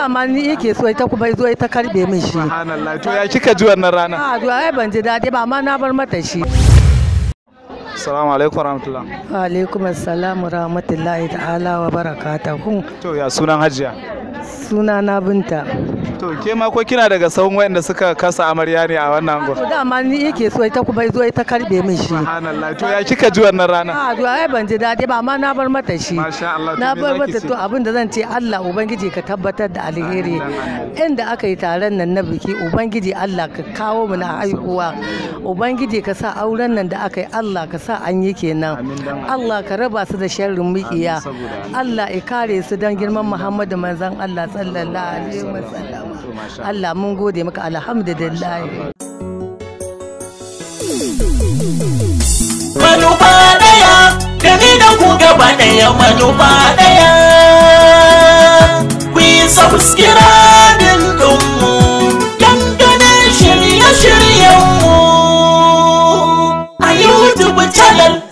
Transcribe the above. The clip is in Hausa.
dama ni yake so ita kuma zo ita karbe min shi subhanallah to ya kika ji wannan rana a ah, to ai ban ji dadi ba amma na bar mata shi Assalamu alaikum warahmatullah. Wa alaikum assalam rahmatullahi ta'ala wa barakatuh To ya sunan Hajiya? Suna na Binta. to ke ma ko kina daga sahun wayanda suka kasa amarya ne a wannan angon to dama ni yake so ita kuma zo ita karbe min shi subhanallah to ya kika ji wannan rana a ah, to ai ban ji dadi ba amma na bar mata shi masha Allah na bar mata to abin da zan ce Allah ubangiji ka tabbatar da alheri inda aka yi taron nan na biki ubangiji Allah ka kawo mu na haihuwa ubangiji ka sa auren nan da aka yi Allah ka sa an yi kenan Allah ka raba su da sharrin mikiya Allah ya kare su don girman Muhammadu manzon Allah sallallahu alaihi wasallam Allah mun gode maka alhamdulillah manufa daya da da ku gaba daya manufa daya ku yi subscribe ɗinmu shirye shirye-shiryenmu a YouTube channel